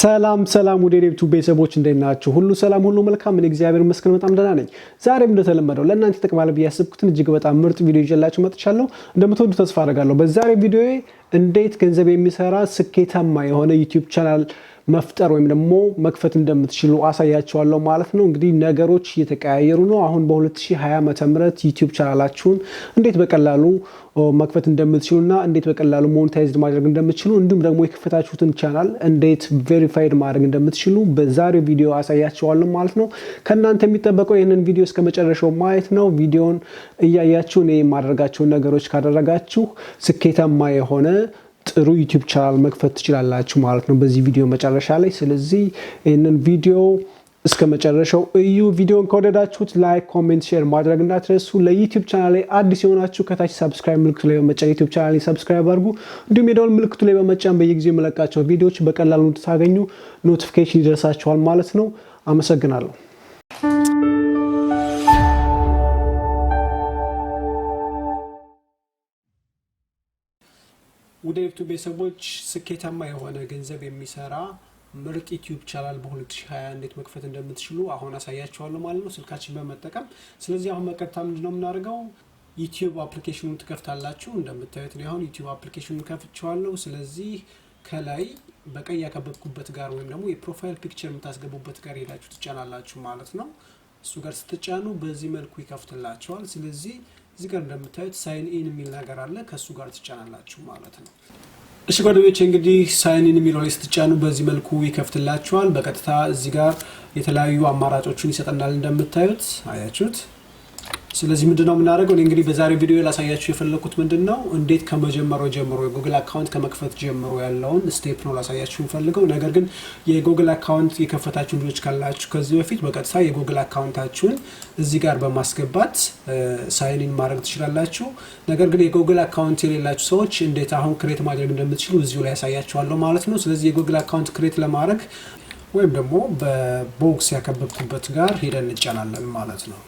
ሰላም ሰላም ወደ ዴብቱ ቤተሰቦች እንዴት ናችሁ? ሁሉ ሰላም፣ ሁሉ መልካም። እኔ እግዚአብሔር ይመስገን በጣም ደህና ነኝ። ዛሬም እንደተለመደው ለእናንተ ይጠቅማል ብዬ ያስብኩትን እጅግ በጣም ምርጥ ቪዲዮ ይዤላችሁ መጥቻለሁ። እንደምትወዱ ተስፋ አደርጋለሁ። በዛሬ ቪዲዮ እንዴት ገንዘብ የሚሰራ ስኬታማ የሆነ ዩቲዩብ ቻናል መፍጠር ወይም ደግሞ መክፈት እንደምትችሉ አሳያቸዋለሁ ማለት ነው። እንግዲህ ነገሮች እየተቀያየሩ ነው። አሁን በ2020 ዓ ም ዩቲዩብ ቻናላችሁን እንዴት በቀላሉ መክፈት እንደምትችሉና እንዴት በቀላሉ ሞኔታይዝድ ማድረግ እንደምትችሉ እንዲሁም ደግሞ የከፈታችሁትን ቻናል እንዴት ቬሪፋይድ ማድረግ እንደምትችሉ በዛሬው ቪዲዮ አሳያቸዋለሁ ማለት ነው። ከእናንተ የሚጠበቀው ይህንን ቪዲዮ እስከ መጨረሻው ማየት ነው። ቪዲዮን እያያችሁ እኔ የማደርጋቸውን ነገሮች ካደረጋችሁ ስኬታማ የሆነ ጥሩ ዩቲዩብ ቻናል መክፈት ትችላላችሁ ማለት ነው በዚህ ቪዲዮ መጨረሻ ላይ። ስለዚህ ይህንን ቪዲዮ እስከ መጨረሻው እዩ። ቪዲዮን ከወደዳችሁት ላይክ፣ ኮሜንት፣ ሼር ማድረግ እንዳትረሱ። ለዩቲዩብ ቻናል ላይ አዲስ የሆናችሁ ከታች ሰብስክራይብ ምልክቱ ላይ በመጫን ዩቲዩብ ቻናል ላይ ሰብስክራይብ አድርጉ። እንዲሁም የደወል ምልክቱ ላይ በመጫን በየጊዜው የመለቃቸው ቪዲዮዎች በቀላሉ እንድታገኙ ኖቲፊኬሽን ይደርሳችኋል ማለት ነው። አመሰግናለሁ። ውድ ዩቱብ ቤተሰቦች ስኬታማ የሆነ ገንዘብ የሚሰራ ምርጥ ዩቲዩብ ቻናል በ2020 እንዴት መክፈት እንደምትችሉ አሁን አሳያቸዋለሁ ማለት ነው፣ ስልካችን በመጠቀም ስለዚህ አሁን በቀጥታ ምንድ ነው የምናደርገው ዩቲዩብ አፕሊኬሽኑን ትከፍታላችሁ። እንደምታዩት ነው አሁን ዩቲዩብ አፕሊኬሽኑን ከፍቸዋለሁ። ስለዚህ ከላይ በቀይ ያከበብኩበት ጋር ወይም ደግሞ የፕሮፋይል ፒክቸር የምታስገቡበት ጋር ሄዳችሁ ትጫናላችሁ ማለት ነው። እሱ ጋር ስትጫኑ በዚህ መልኩ ይከፍትላቸዋል። ስለዚህ እዚህ ጋር እንደምታዩት ሳይን ኢን የሚል ነገር አለ። ከእሱ ጋር ትጫናላችሁ ማለት ነው። እሺ ጓደኞች እንግዲህ ሳይን ኢን የሚለው ላይ ስትጫኑ በዚህ መልኩ ይከፍትላችኋል። በቀጥታ እዚህ ጋር የተለያዩ አማራጮችን ይሰጠናል። እንደምታዩት አያችሁት ስለዚህ ምንድነው የምናደርገው? እኔ እንግዲህ በዛሬ ቪዲዮ ላሳያችሁ የፈለኩት ምንድነው እንዴት ከመጀመሪያው ጀምሮ የጉግል አካውንት ከመክፈት ጀምሮ ያለውን ስቴፕ ነው ላሳያችሁ የምፈልገው። ነገር ግን የጉግል አካውንት የከፈታችሁ ልጆች ካላችሁ ከዚህ በፊት በቀጥታ የጉግል አካውንታችሁን እዚህ ጋር በማስገባት ሳይኒን ማድረግ ትችላላችሁ። ነገር ግን የጉግል አካውንት የሌላችሁ ሰዎች እንዴት አሁን ክሬት ማድረግ እንደምትችሉ እዚሁ ላይ ያሳያችኋለሁ ማለት ነው። ስለዚህ የጉግል አካውንት ክሬት ለማድረግ ወይም ደግሞ በቦክስ ያከበብኩበት ጋር ሄደን እንጫናለን ማለት ነው።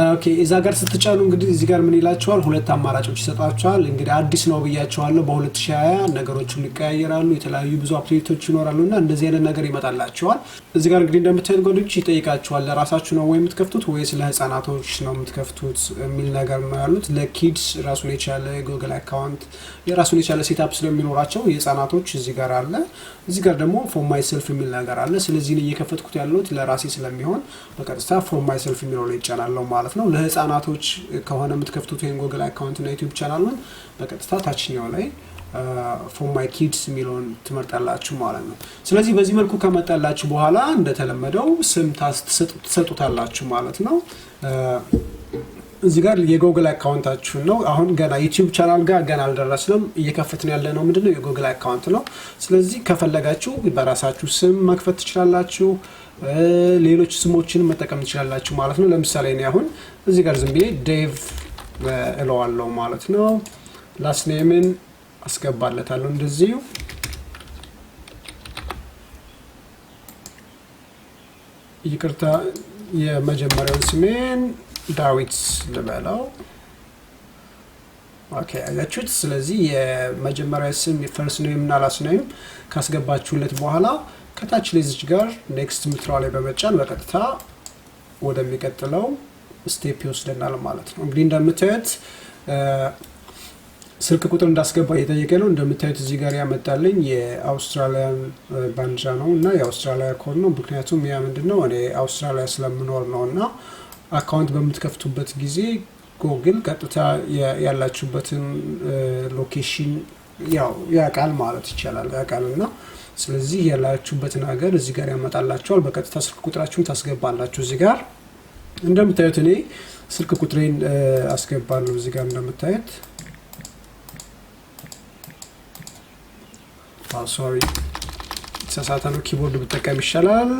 ኦኬ እዛ ጋር ስትጫኑ እንግዲህ እዚህ ጋር ምን ይላቸዋል? ሁለት አማራጮች ይሰጧቸዋል። እንግዲህ አዲስ ነው ብያቸዋለሁ። በ2020 ነገሮች ይቀያየራሉ፣ የተለያዩ ብዙ አፕዴቶች ይኖራሉ እና እንደዚህ አይነት ነገር ይመጣላቸዋል። እዚህ ጋር እንግዲህ እንደምታዩት ጎዶች ይጠይቃቸዋል። ለራሳችሁ ነው ወይ የምትከፍቱት ወይስ ለህፃናቶች ነው የምትከፍቱት የሚል ነገር ነው ያሉት። ለኪድስ ራሱን የቻለ ጉግል አካውንት የራሱን የቻለ ሴታፕ ስለሚኖራቸው የህፃናቶች እዚህ ጋር አለ። እዚህ ጋር ደግሞ ፎር ማይ ሰልፍ የሚል ነገር አለ። ስለዚህ እየከፈትኩት ያለሁት ለራሴ ስለሚሆን በቀጥታ ፎር ማይ ሰልፍ የሚለው ይጫናለው ማለት ማለት ነው። ለህፃናቶች ከሆነ የምትከፍቱት ወይም ጎግል አካውንትና ዩቲዩብ ቻናሉን በቀጥታ ታችኛው ላይ ፎር ማይ ኪድስ የሚለውን ትመርጣላችሁ ማለት ነው። ስለዚህ በዚህ መልኩ ከመጣላችሁ በኋላ እንደተለመደው ስም ትሰጡታላችሁ ማለት ነው። እዚህ ጋር የጎግል አካውንታችሁን ነው። አሁን ገና ዩቲዩብ ቻናል ጋር ገና አልደረስንም። እየከፈትን ያለ ነው ምንድነው የጎግል አካውንት ነው። ስለዚህ ከፈለጋችሁ በራሳችሁ ስም መክፈት ትችላላችሁ። ሌሎች ስሞችን መጠቀም ትችላላችሁ ማለት ነው። ለምሳሌ እኔ አሁን እዚህ ጋር ዝም ብዬ ዴቭ እለዋለሁ ማለት ነው። ላስት ኔምን አስገባለታለሁ እንደዚሁ ይቅርታ የመጀመሪያውን ስሜን ዳዊት ልበለው። ኦኬ አያችሁት። ስለዚህ የመጀመሪያ ስም ፈርስ ኔም እና ላስት ኔም ካስገባችሁለት በኋላ ከታች ሌዝች ጋር ኔክስት ምትራ ላይ በመጫን በቀጥታ ወደሚቀጥለው ስቴፕ ይወስደናል ማለት ነው። እንግዲህ እንደምታዩት ስልክ ቁጥር እንዳስገባ እየጠየቀ ነው። እንደምታዩት እዚህ ጋር ያመጣልኝ የአውስትራሊያን ባንዲራ ነው እና የአውስትራሊያ ኮድ ነው። ምክንያቱም ያ ምንድን ነው እኔ አውስትራሊያ ስለምኖር ነው እና አካውንት በምትከፍቱበት ጊዜ ጎግል ቀጥታ ያላችሁበትን ሎኬሽን ያው ያቃል ማለት ይቻላል ያውቃል እና ስለዚህ ያላችሁበትን ሀገር እዚህ ጋር ያመጣላችኋል። በቀጥታ ስልክ ቁጥራችሁን ታስገባላችሁ። እዚህ ጋር እንደምታዩት እኔ ስልክ ቁጥሬን አስገባለሁ። እዚህ ጋር እንደምታዩት ሶሪ፣ ነው። ኪቦርድ ብጠቀም ይሻላል።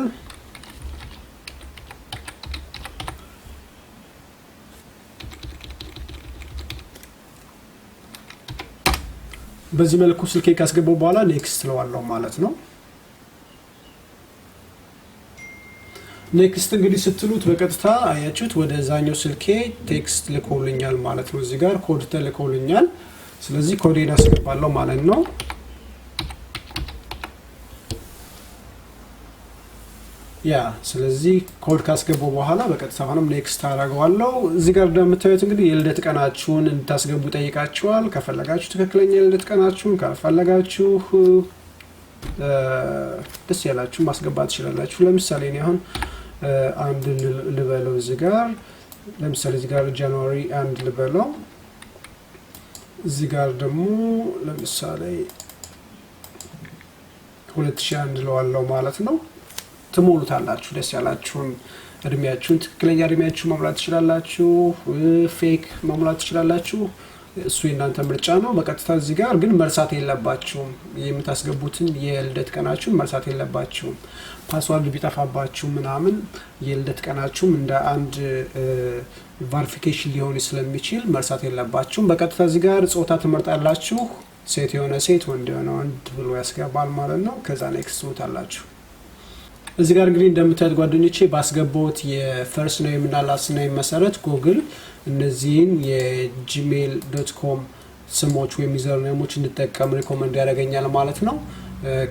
በዚህ መልኩ ስልኬ ካስገባው በኋላ ኔክስት ስለዋለው ማለት ነው። ኔክስት እንግዲህ ስትሉት በቀጥታ አያችሁት ወደዛኛው ስልኬ ቴክስት ልኮልኛል ማለት ነው። እዚህ ጋር ኮድ ተልኮልኛል። ስለዚህ ኮዴን አስገባለው ማለት ነው። ያ ስለዚህ ኮድ ካስገቡ በኋላ በቀጥታ ሆነም ኔክስት አደርገዋለሁ። እዚህ ጋር እንደምታዩት እንግዲህ የልደት ቀናችሁን እንድታስገቡ ጠይቃችኋል። ከፈለጋችሁ ትክክለኛ የልደት ቀናችሁን፣ ካልፈለጋችሁ ደስ ያላችሁ ማስገባት ትችላላችሁ። ለምሳሌ እኔ አሁን አንድ ልበለው እዚህ ጋር ለምሳሌ እዚህ ጋር ጃንዋሪ አንድ ልበለው። እዚህ ጋር ደግሞ ለምሳሌ ሁለት ሺህ አንድ ለዋለው ማለት ነው ትሞሉታላችሁ። ደስ ያላችሁን እድሜያችሁን ትክክለኛ እድሜያችሁ መሙላት ትችላላችሁ። ፌክ መሙላት ትችላላችሁ። እሱ የእናንተ ምርጫ ነው። በቀጥታ እዚህ ጋር ግን መርሳት የለባችሁም የምታስገቡትን የልደት ቀናችሁን መርሳት የለባችሁም። ፓስዋርድ ቢጠፋባችሁ ምናምን የልደት ቀናችሁም እንደ አንድ ቫሪፊኬሽን ሊሆን ስለሚችል መርሳት የለባችሁም። በቀጥታ እዚህ ጋር ጾታ ትመርጣላችሁ። ሴት የሆነ ሴት፣ ወንድ የሆነ ወንድ ብሎ ያስገባል ማለት ነው። ከዛ ኔክስት ትሉታላችሁ። እዚህ ጋር እንግዲህ እንደምታዩት ጓደኞቼ ባስገባሁት የፈርስት ኔም እና ላስት ኔም መሰረት ጉግል እነዚህን የጂሜል ዶት ኮም ስሞች ወይም ዩዘር ኔሞች እንጠቀም ሪኮመንድ ያደርገኛል ማለት ነው።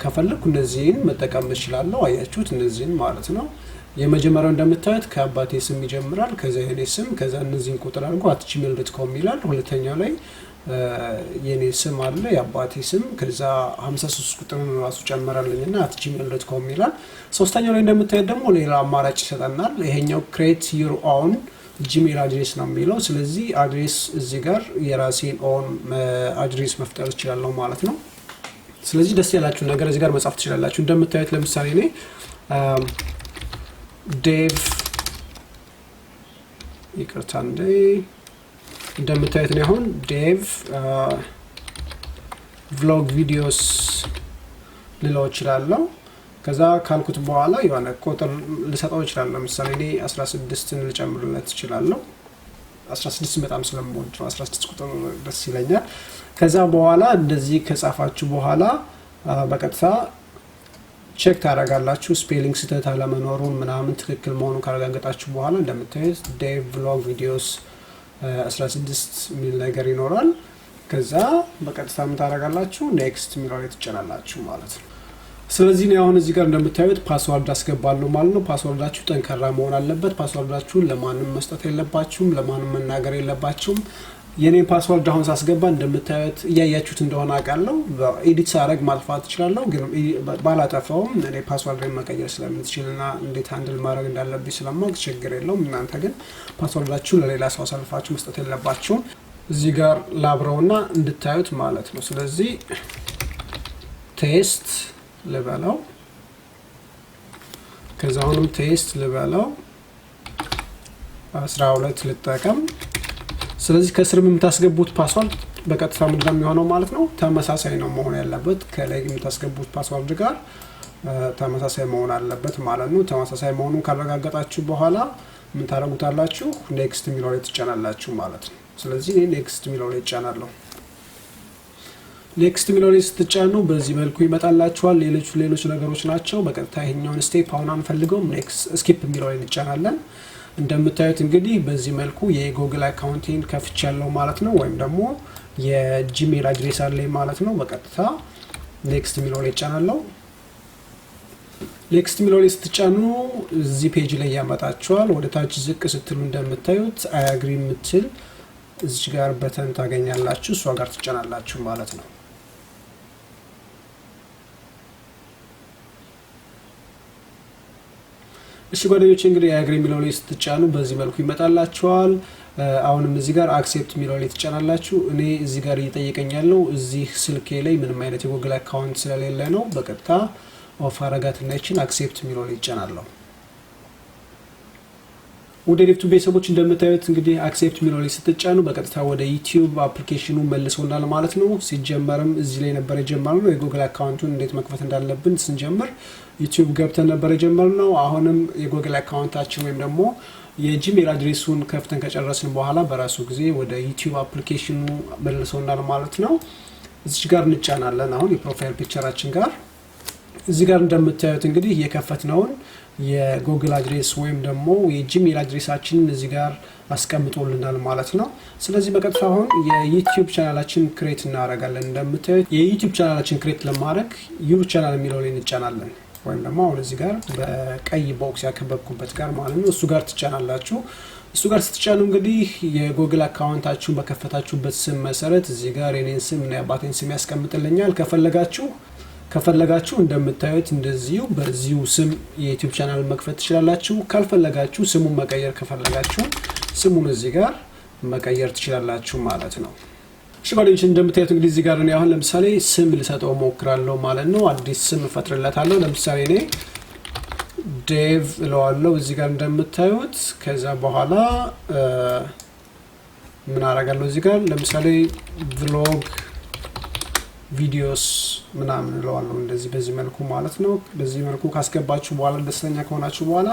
ከፈለግኩ እነዚህን መጠቀም እችላለሁ። አያችሁት? እነዚህን ማለት ነው። የመጀመሪያው እንደምታዩት ከአባቴ ስም ይጀምራል። ከዛ የኔ ስም፣ ከዛ እነዚህን ቁጥር አድርጎ አት ጂሜል ዶት ኮም ይላል። ሁለተኛው ላይ የኔ ስም አለ የአባቴ ስም ከዛ 53 ቁጥርን ራሱ ጨመረልኝ ና አት ዶት ኮም ይላል። ሶስተኛው ላይ እንደምታየት ደግሞ ሌላ አማራጭ ይሰጠናል። ይሄኛው ክሬት ዩር ኦውን ጂሜል አድሬስ ነው የሚለው። ስለዚህ አድሬስ እዚህ ጋር የራሴን ኦን አድሬስ መፍጠር እችላለሁ ማለት ነው። ስለዚህ ደስ ያላችሁን ነገር እዚህ ጋር መጻፍ ትችላላችሁ። እንደምታዩት ለምሳሌ እኔ ዴቭ ይቅርታ እንዴ እንደምታዩት ነው። አሁን ዴቭ ቭሎግ ቪዲዮስ ልለው እችላለሁ። ከዛ ካልኩት በኋላ የሆነ ቁጥር ልሰጠው እችላለሁ። ለምሳሌ እኔ 16ን ልጨምርለት እችላለሁ። 16 በጣም ስለምወድ 16 ቁጥር ደስ ይለኛል። ከዛ በኋላ እንደዚህ ከጻፋችሁ በኋላ በቀጥታ ቼክ ታደርጋላችሁ። ስፔሊንግ ስህተት አለመኖሩን ምናምን ትክክል መሆኑን ካረጋገጣችሁ በኋላ እንደምታዩት ዴቭ ቭሎግ ቪዲዮስ 16 የሚል ነገር ይኖራል። ከዛ በቀጥታ ምን ታደርጋላችሁ? ኔክስት የሚለው ላይ ትጭናላችሁ ማለት ነው። ስለዚህ ነው አሁን እዚህ ጋር እንደምታዩት ፓስዋርድ አስገባለሁ ማለት ነው። ፓስዋርዳችሁ ጠንካራ መሆን አለበት። ፓስወርዳችሁን ለማንም መስጠት የለባችሁም፣ ለማንም መናገር የለባችሁም። የኔ ፓስወርድ አሁን ሳስገባ እንደምታዩት እያያችሁት እንደሆነ አውቃለሁ። ኤዲት ሳረግ ማጥፋት እችላለሁ፣ ግን ባላጠፋውም እኔ ፓስወርድ መቀየር ስለምትችልና እንዴት አንድል ማድረግ እንዳለብኝ ስለማወቅ ችግር የለውም። እናንተ ግን ፓስወርዳችሁ ለሌላ ሰው አሳልፋችሁ መስጠት የለባችሁም። እዚህ ጋር ላብረውና እንድታዩት ማለት ነው። ስለዚህ ቴስት ልበለው፣ ከዛ አሁንም ቴስት ልበለው፣ አስራ ሁለት ልጠቀም ስለዚህ ከስር የምታስገቡት ፓስዋርድ በቀጥታ ምንድነው የሚሆነው ማለት ነው ተመሳሳይ ነው መሆን ያለበት። ከላይ የምታስገቡት ፓስዋርድ ጋር ተመሳሳይ መሆን አለበት ማለት ነው። ተመሳሳይ መሆኑን ካረጋገጣችሁ በኋላ ምን ታደርጉታላችሁ? ኔክስት የሚለው ላይ ትጫናላችሁ ማለት ነው። ስለዚህ እኔ ኔክስት የሚለው ላይ ይጫናለሁ ኔክስት የሚለው ላይ ስትጫኑ በዚህ መልኩ ይመጣላችኋል። ሌሎች ሌሎች ነገሮች ናቸው። በቀጥታ ይሄኛውን ስቴፕ አሁን አንፈልገውም። ኔክስት ስኪፕ የሚለው ላይ እንጫናለን። እንደምታዩት እንግዲህ በዚህ መልኩ የጉግል አካውንቲን ከፍች ያለው ማለት ነው። ወይም ደግሞ የጂሜል አድሬስ አለኝ ማለት ነው። በቀጥታ ኔክስት የሚለው ላይ ይጫናለው። ኔክስት የሚለው ላይ ስትጫኑ እዚህ ፔጅ ላይ ያመጣችኋል። ወደ ታች ዝቅ ስትሉ እንደምታዩት አያግሪ የምትል እዚች ጋር በተን ታገኛላችሁ። እሷ ጋር ትጫናላችሁ ማለት ነው። እሺ ጓደኞች እንግዲህ አግሪ የሚለው ላይ ስትጫኑ በዚህ መልኩ ይመጣላቸዋል። አሁንም እዚህ ጋር አክሴፕት የሚለው ላይ ትጫናላችሁ። እኔ እዚህ ጋር እየጠየቀኝ ያለው እዚህ ስልኬ ላይ ምንም አይነት የጎግል አካውንት ስለሌለ ነው። በቀጥታ ኦፍ አረጋት ይችን አክሴፕት የሚለው ላይ ይጫናለሁ። ወደ ሌፍቱ ቤተሰቦች እንደምታዩት እንግዲህ አክሴፕት የሚለው ላይ ስትጫኑ በቀጥታ ወደ ዩቲዩብ አፕሊኬሽኑ መልሶናል ማለት ነው። ሲጀመርም እዚህ ላይ ነበር የጀመርነው የጉግል አካውንቱን እንዴት መክፈት እንዳለብን ስንጀምር ዩቲዩብ ገብተን ነበር የጀመርነው። አሁንም የጉግል አካውንታችን ወይም ደግሞ የጂሜል አድሬሱን ከፍተን ከጨረስን በኋላ በራሱ ጊዜ ወደ ዩቲዩብ አፕሊኬሽኑ መልሶናል ማለት ነው። እዚች ጋር እንጫናለን። አሁን የፕሮፋይል ፒክቸራችን ጋር እዚህ ጋር እንደምታዩት እንግዲህ የከፈትነውን የጎግል አድሬስ ወይም ደግሞ የጂሜል አድሬሳችንን እዚህ ጋር አስቀምጦልናል ማለት ነው። ስለዚህ በቀጥታ አሁን የዩቲዩብ ቻናላችን ክሬት እናደርጋለን። እንደምታዩት የዩቲዩብ ቻናላችን ክሬት ለማድረግ ዩር ቻናል የሚለውን እንጫናለን። ወይም ደግሞ አሁን እዚህ ጋር በቀይ ቦክስ ያከበብኩበት ጋር ማለት ነው እሱ ጋር ትጫናላችሁ። እሱ ጋር ስትጫኑ እንግዲህ የጎግል አካውንታችሁን በከፈታችሁበት ስም መሰረት እዚህ ጋር የኔን ስም እና የአባቴን ስም ያስቀምጥልኛል። ከፈለጋችሁ ከፈለጋችሁ እንደምታዩት እንደዚሁ በዚሁ ስም የዩቲዩብ ቻናል መክፈት ትችላላችሁ። ካልፈለጋችሁ ስሙን መቀየር ከፈለጋችሁ ስሙን እዚህ ጋር መቀየር ትችላላችሁ ማለት ነው። እሺ ጓደኞች እንደምታዩት እንግዲህ እዚህ ጋር እኔ አሁን ለምሳሌ ስም ልሰጠው ሞክራለሁ ማለት ነው። አዲስ ስም እፈጥርለታለሁ። ለምሳሌ እኔ ዴቭ እለዋለሁ እዚህ ጋር እንደምታዩት። ከዛ በኋላ ምን አረጋለሁ እዚህ ጋር ለምሳሌ ቭሎግ ቪዲዮስ ምናምን እለዋለሁ። እንደዚህ በዚህ መልኩ ማለት ነው። በዚህ መልኩ ካስገባችሁ በኋላ ደስተኛ ከሆናችሁ በኋላ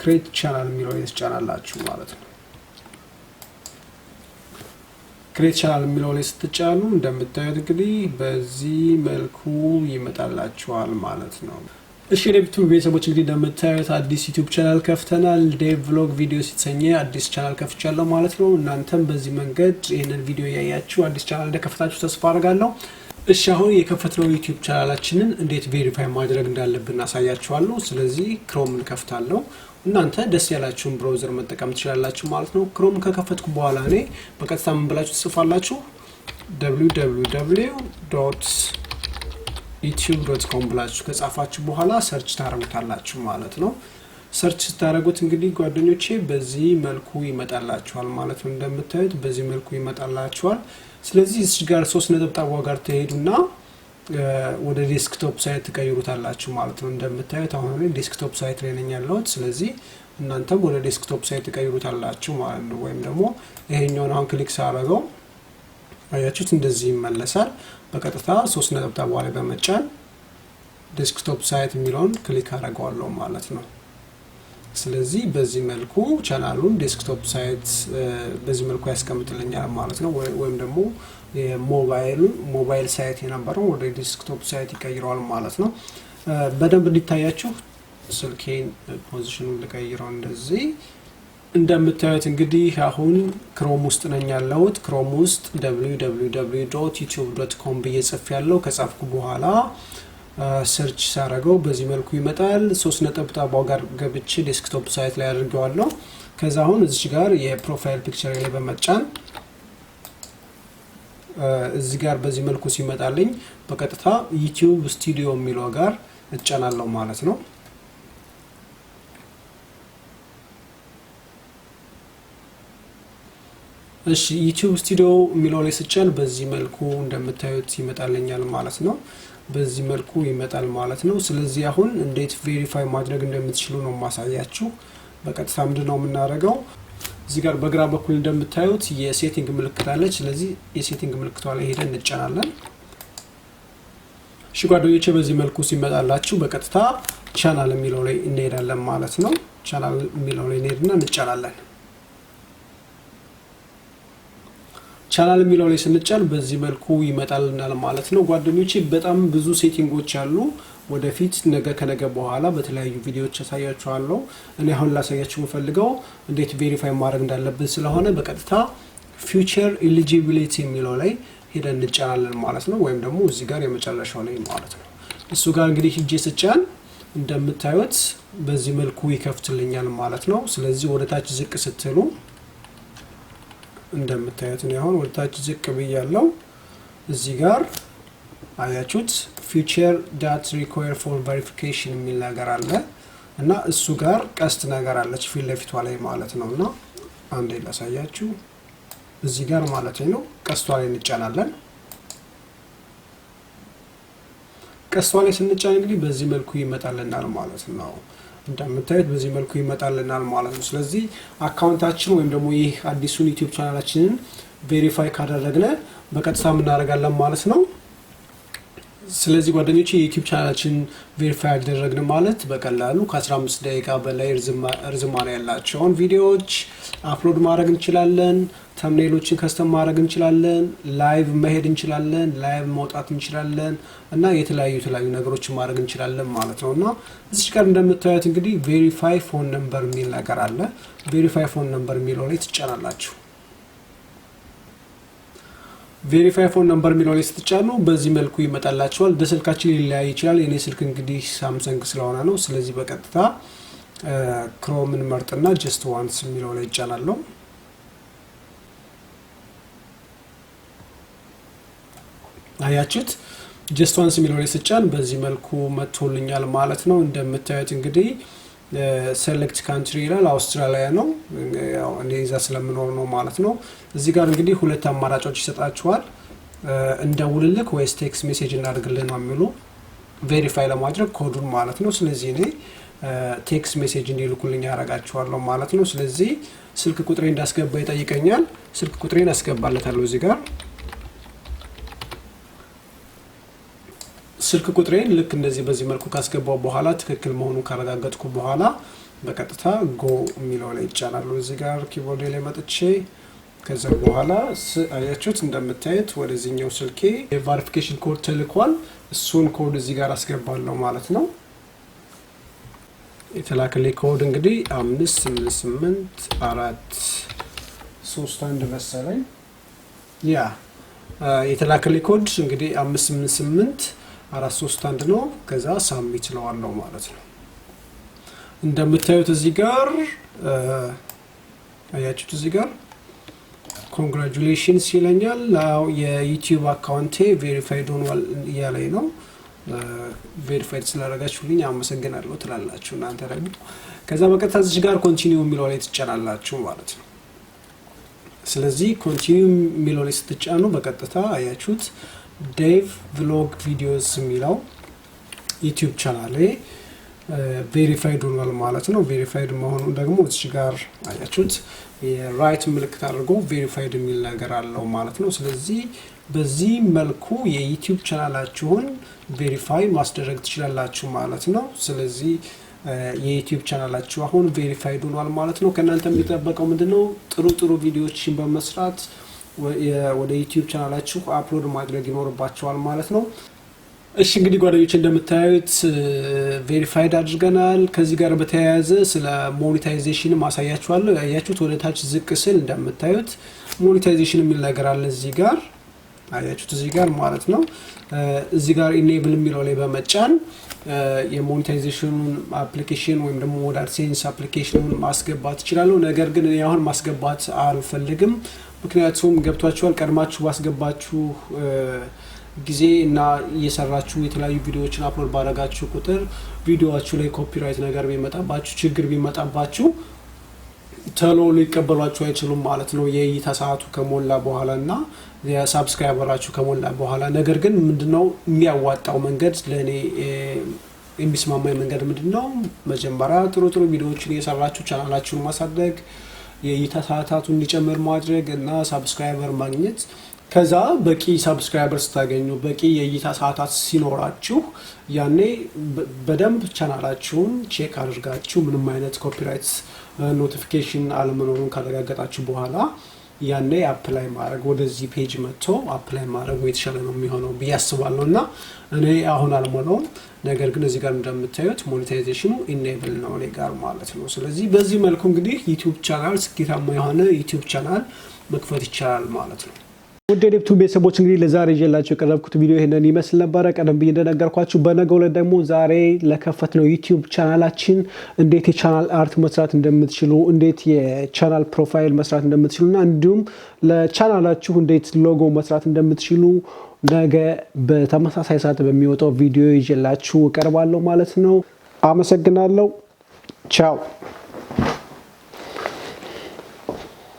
ክሬት ቻናል የሚለውን ትጫናላችሁ ማለት ነው። ክሬት ቻናል የሚለው ላይ ስትጫኑ እንደምታዩት እንግዲህ በዚህ መልኩ ይመጣላችኋል ማለት ነው። እሺ ዴቭ ቤተሰቦች እንግዲህ እንደምታዩት አዲስ ዩቱብ ቻናል ከፍተናል። ዴቭ ቭሎግ ቪዲዮ ሲሰኘ አዲስ ቻናል ከፍቻለሁ ማለት ነው። እናንተም በዚህ መንገድ ይህንን ቪዲዮ እያያችሁ አዲስ ቻናል እንደከፍታችሁ ተስፋ አድርጋለሁ። እሺ አሁን የከፈትነው ዩቲዩብ ቻናላችንን እንዴት ቬሪፋይ ማድረግ እንዳለብን እናሳያችኋለሁ። ስለዚህ ክሮም እንከፍታለሁ። እናንተ ደስ ያላችሁን ብራውዘር መጠቀም ትችላላችሁ ማለት ነው። ክሮም ከከፈትኩ በኋላ እኔ በቀጥታ ምን ብላችሁ ትጽፋላችሁ? ዩቲዩብ ዶት ኮም ብላችሁ ከጻፋችሁ በኋላ ሰርች ታደረጉታላችሁ ማለት ነው። ሰርች ስታደረጉት እንግዲህ ጓደኞቼ በዚህ መልኩ ይመጣላችኋል ማለት ነው። እንደምታዩት በዚህ መልኩ ይመጣላችኋል። ስለዚህ እዚህ ጋር ሶስት ነጠብጣቧ ጋር ትሄዱና ወደ ዴስክቶፕ ሳይት ትቀይሩታላችሁ ማለት ነው። እንደምታዩት አሁን እኔ ዴስክቶፕ ሳይት ላይ ነኝ ያለሁት። ስለዚህ እናንተም ወደ ዴስክቶፕ ሳይት ትቀይሩታላችሁ ማለት ነው። ወይም ደግሞ ይሄኛውን አሁን ክሊክ ሳረገው አያችሁት፣ እንደዚህ ይመለሳል። በቀጥታ ሶስት ነጠብጣቧ ላይ በመጫን ዴስክቶፕ ሳይት የሚለውን ክሊክ አረገዋለሁ ማለት ነው። ስለዚህ በዚህ መልኩ ቻናሉን ዴስክቶፕ ሳይት በዚህ መልኩ ያስቀምጥልኛል ማለት ነው። ወይም ደግሞ የሞባይሉ ሞባይል ሳይት የነበረው ወደ ዴስክቶፕ ሳይት ይቀይረዋል ማለት ነው። በደንብ እንዲታያችሁ ስልኬን ፖዚሽኑ ልቀይረው እንደዚህ። እንደምታዩት እንግዲህ አሁን ክሮም ውስጥ ነኝ ያለሁት። ክሮም ውስጥ www ዩቲዩብ ዶት ኮም ብዬ ጽፍ ያለው ከጻፍኩ በኋላ ሰርች ሳረገው በዚህ መልኩ ይመጣል። ሶስት ነጠብጣቧ ጋር ገብቼ ዴስክቶፕ ሳይት ላይ አድርገዋለሁ። ከዛ አሁን እዚች ጋር የፕሮፋይል ፒክቸር ላይ በመጫን እዚህ ጋር በዚህ መልኩ ሲመጣልኝ በቀጥታ ዩቲዩብ ስቱዲዮ የሚለው ጋር እጫናለሁ ማለት ነው። እሺ ዩቲዩብ ስቱዲዮ የሚለው ላይ ስጫን በዚህ መልኩ እንደምታዩት ይመጣልኛል ማለት ነው። በዚህ መልኩ ይመጣል ማለት ነው። ስለዚህ አሁን እንዴት ቬሪፋይ ማድረግ እንደምትችሉ ነው ማሳያችሁ። በቀጥታ ምንድን ነው የምናደርገው እዚህ ጋር በግራ በኩል እንደምታዩት የሴቲንግ ምልክት አለች። ስለዚህ የሴቲንግ ምልክቷ ላይ ሄደን እንጫናለን። እሺ ጓደኞቼ በዚህ መልኩ ሲመጣላችሁ በቀጥታ ቻናል የሚለው ላይ እንሄዳለን ማለት ነው። ቻናል የሚለው ላይ እንሄድና እንጫናለን። ቻናል የሚለው ላይ ስንጫን በዚህ መልኩ ይመጣልናል ማለት ነው። ጓደኞች በጣም ብዙ ሴቲንጎች አሉ። ወደፊት ነገ ከነገ በኋላ በተለያዩ ቪዲዮዎች ያሳያችኋለሁ። እኔ አሁን ላሳያችሁ የምፈልገው እንዴት ቬሪፋይ ማድረግ እንዳለብን ስለሆነ በቀጥታ ፊውቸር ኤሊጂቢሊቲ የሚለው ላይ ሄደን እንጫናለን ማለት ነው። ወይም ደግሞ እዚህ ጋር የመጨረሻው ላይ ማለት ነው። እሱ ጋር እንግዲህ ሂጄ ስጫን እንደምታዩት በዚህ መልኩ ይከፍትልኛል ማለት ነው። ስለዚህ ወደ ታች ዝቅ ስትሉ እንደምታዩት ነው። አሁን ወደታች ዝቅ ብያለው። እዚህ ጋር አያችሁት ፊቸር ዳት ሪኳየር ፎር ቨሪፊኬሽን የሚል ነገር አለ እና እሱ ጋር ቀስት ነገር አለች ፊት ለፊቷ ላይ ማለት ነው። እና አንዴ ላሳያችሁ እዚህ ጋር ማለት ነው። ቀስቷ ላይ እንጫናለን። ቀስቷ ላይ ስንጫን እንግዲህ በዚህ መልኩ ይመጣልናል ማለት ነው። እንደምታዩት በዚህ መልኩ ይመጣልናል ማለት ነው። ስለዚህ አካውንታችን ወይም ደግሞ ይህ አዲሱን ዩቲዩብ ቻናላችንን ቬሪፋይ ካደረግነ በቀጥታ እናደርጋለን ማለት ነው። ስለዚህ ጓደኞች የዩቲዩብ ቻናላችን ቬሪፋይ ያደረግን ማለት በቀላሉ ከ15 ደቂቃ በላይ እርዝማኔ ያላቸውን ቪዲዮዎች አፕሎድ ማድረግ እንችላለን። ተምኔሎችን ከስተም ማድረግ እንችላለን። ላይቭ መሄድ እንችላለን። ላይቭ መውጣት እንችላለን እና የተለያዩ የተለያዩ ነገሮችን ማድረግ እንችላለን ማለት ነው እና እዚች ጋር እንደምታዩት እንግዲህ ቬሪፋይ ፎን ነምበር የሚል ነገር አለ። ቬሪፋይ ፎን ነምበር የሚለው ላይ ትጫናላችሁ። ቬሪፋይ ፎን ነምበር የሚለው ላይ ስትጫኑ በዚህ መልኩ ይመጣላቸዋል በስልካችን ሊለያይ ይችላል። የኔ ስልክ እንግዲህ ሳምሰንግ ስለሆነ ነው። ስለዚህ በቀጥታ ክሮምን መርጥና ጀስት ዋንስ የሚለው ላይ ይጫናለው። አያችሁት። ጀስት ዋንስ የሚለው ላይ ስጫን በዚህ መልኩ መጥቶልኛል ማለት ነው። እንደምታዩት እንግዲህ ሴሌክት ካንትሪ ይላል አውስትራሊያ ነው። እኔ እዛ ስለምኖር ነው ማለት ነው። እዚህ ጋር እንግዲህ ሁለት አማራጮች ይሰጣችኋል። ውልልክ ወይስ ቴክስ ሜሴጅ እናድርግልን ነው የሚሉ ቬሪፋይ ለማድረግ ኮዱን ማለት ነው። ስለዚህ እኔ ቴክስ ሜሴጅ እንዲልኩልኝ ያረጋችኋለሁ ማለት ነው። ስለዚህ ስልክ ቁጥሬ እንዳስገባ ይጠይቀኛል። ስልክ ቁጥሬን አስገባለታለሁ እዚህ ጋር ስልክ ቁጥሬን ልክ እንደዚህ በዚህ መልኩ ካስገባው በኋላ ትክክል መሆኑ ካረጋገጥኩ በኋላ በቀጥታ ጎ የሚለው ላይ ይጫናሉ። እዚህ ጋር ኪቦርድ ላይ መጥቼ ከዛ በኋላ አያችሁት፣ እንደምታየት ወደዚህኛው ስልኬ የቫሪፊኬሽን ኮድ ተልኳል። እሱን ኮድ እዚህ ጋር አስገባለሁ ማለት ነው። የተላከሌ ኮድ እንግዲህ አምስት ስምንት ስምንት አራት ሶስት አንድ መሰለኝ ያ የተላከሌ ኮድ እንግዲህ አምስት ስምንት ስምንት አራት ሶስት አንድ ነው። ከዛ ሳሚት ለዋለው ማለት ነው። እንደምታዩት እዚህ ጋር አያችሁት፣ እዚህ ጋር ኮንግራጁሌሽንስ ይለኛል። የዩቲዩብ አካውንቴ ቬሪፋይድ ሆኗል እያለኝ ነው። ቬሪፋይድ ስላደረጋችሁልኝ አመሰግናለሁ ትላላችሁ እናንተ ደግሞ። ከዛ በቀጥታ እዚህ ጋር ኮንቲኒው የሚለው ላይ ትጫናላችሁ ማለት ነው። ስለዚህ ኮንቲኒው የሚለው ላይ ስትጫኑ በቀጥታ አያችሁት ዴቭ ቭሎግ ቪዲዮስ የሚለው ዩቲዩብ ቻናሌ ቬሪፋይድ ሆኗል ማለት ነው። ቬሪፋይድ መሆኑን ደግሞ እዚህ ጋር አያችሁት፣ የራይት ምልክት አድርጎ ቬሪፋይድ የሚል ነገር አለው ማለት ነው። ስለዚህ በዚህ መልኩ የዩቲዩብ ቻናላችሁን ቬሪፋይ ማስደረግ ትችላላችሁ ማለት ነው። ስለዚህ የዩቲዩብ ቻናላችሁ አሁን ቬሪፋይድ ሆኗል ማለት ነው። ከእናንተ የሚጠበቀው ምንድነው? ጥሩ ጥሩ ቪዲዮዎችን በመስራት ወደ ዩቲዩብ ቻናላችሁ አፕሎድ ማድረግ ይኖርባቸዋል ማለት ነው። እሺ እንግዲህ ጓደኞች እንደምታዩት ቬሪፋይድ አድርገናል። ከዚህ ጋር በተያያዘ ስለ ሞኔታይዜሽን ማሳያችኋለሁ። ያያችሁት ወደ ታች ዝቅ ስል እንደምታዩት ሞኔታይዜሽን የሚል ነገር አለ እዚህ ጋር አያችሁት እዚህ ጋር ማለት ነው። እዚህ ጋር ኢኔብል የሚለው ላይ በመጫን የሞኔታይዜሽኑን አፕሊኬሽን ወይም ደግሞ ወደ አድሴንስ አፕሊኬሽኑን ማስገባት ይችላሉ። ነገር ግን አሁን ማስገባት አልፈልግም። ምክንያቱም ገብቷቸዋል ቀድማችሁ ባስገባችሁ ጊዜ እና እየሰራችሁ የተለያዩ ቪዲዮዎችን አፕሎድ ባረጋችሁ ቁጥር ቪዲዮችሁ ላይ ኮፒራይት ነገር ቢመጣባችሁ ችግር ቢመጣባችሁ ተሎ ሊቀበሏችሁ አይችሉም ማለት ነው። የእይታ ሰዓቱ ከሞላ በኋላ እና የሳብስክራይበራችሁ ከሞላ በኋላ። ነገር ግን ምንድነው የሚያዋጣው መንገድ ለእኔ የሚስማማኝ መንገድ ምንድነው? መጀመሪያ ጥሩ ጥሩ ቪዲዮዎችን እየሰራችሁ ቻናላችሁን ማሳደግ የእይታ ሰዓታቱ እንዲጨምር ማድረግ እና ሳብስክራይበር ማግኘት ከዛ በቂ ሳብስክራይበር ስታገኙ በቂ የእይታ ሰዓታት ሲኖራችሁ ያኔ በደንብ ቻናላችሁን ቼክ አድርጋችሁ ምንም አይነት ኮፒራይት ኖቲፊኬሽን አለመኖሩን ካረጋገጣችሁ በኋላ ያኔ አፕላይ ማድረግ ወደዚህ ፔጅ መጥቶ አፕላይ ማድረጉ የተሻለ ነው የሚሆነው ብዬ አስባለሁ። እና እኔ አሁን አልሞላውም፣ ነገር ግን እዚህ ጋር እንደምታዩት ሞኔታይዜሽኑ ኢኔብል ነው እኔ ጋር ማለት ነው። ስለዚህ በዚህ መልኩ እንግዲህ ዩቲዩብ ቻናል ስኬታማ የሆነ ዩቲዩብ ቻናል መክፈት ይቻላል ማለት ነው። ውድ የኔፕቱን ቤተሰቦች እንግዲህ ለዛሬ ይዤላችሁ የቀረብኩት ቪዲዮ ይህንን ይመስል ነበረ። ቀደም ብዬ እንደነገርኳችሁ በነገው ዕለት ደግሞ ዛሬ ለከፈት ነው ዩቲዩብ ቻናላችን እንዴት የቻናል አርት መስራት እንደምትችሉ፣ እንዴት የቻናል ፕሮፋይል መስራት እንደምትችሉ እና እንዲሁም ለቻናላችሁ እንዴት ሎጎ መስራት እንደምትችሉ ነገ በተመሳሳይ ሰዓት በሚወጣው ቪዲዮ ይዤላችሁ እቀርባለሁ ማለት ነው። አመሰግናለሁ። ቻው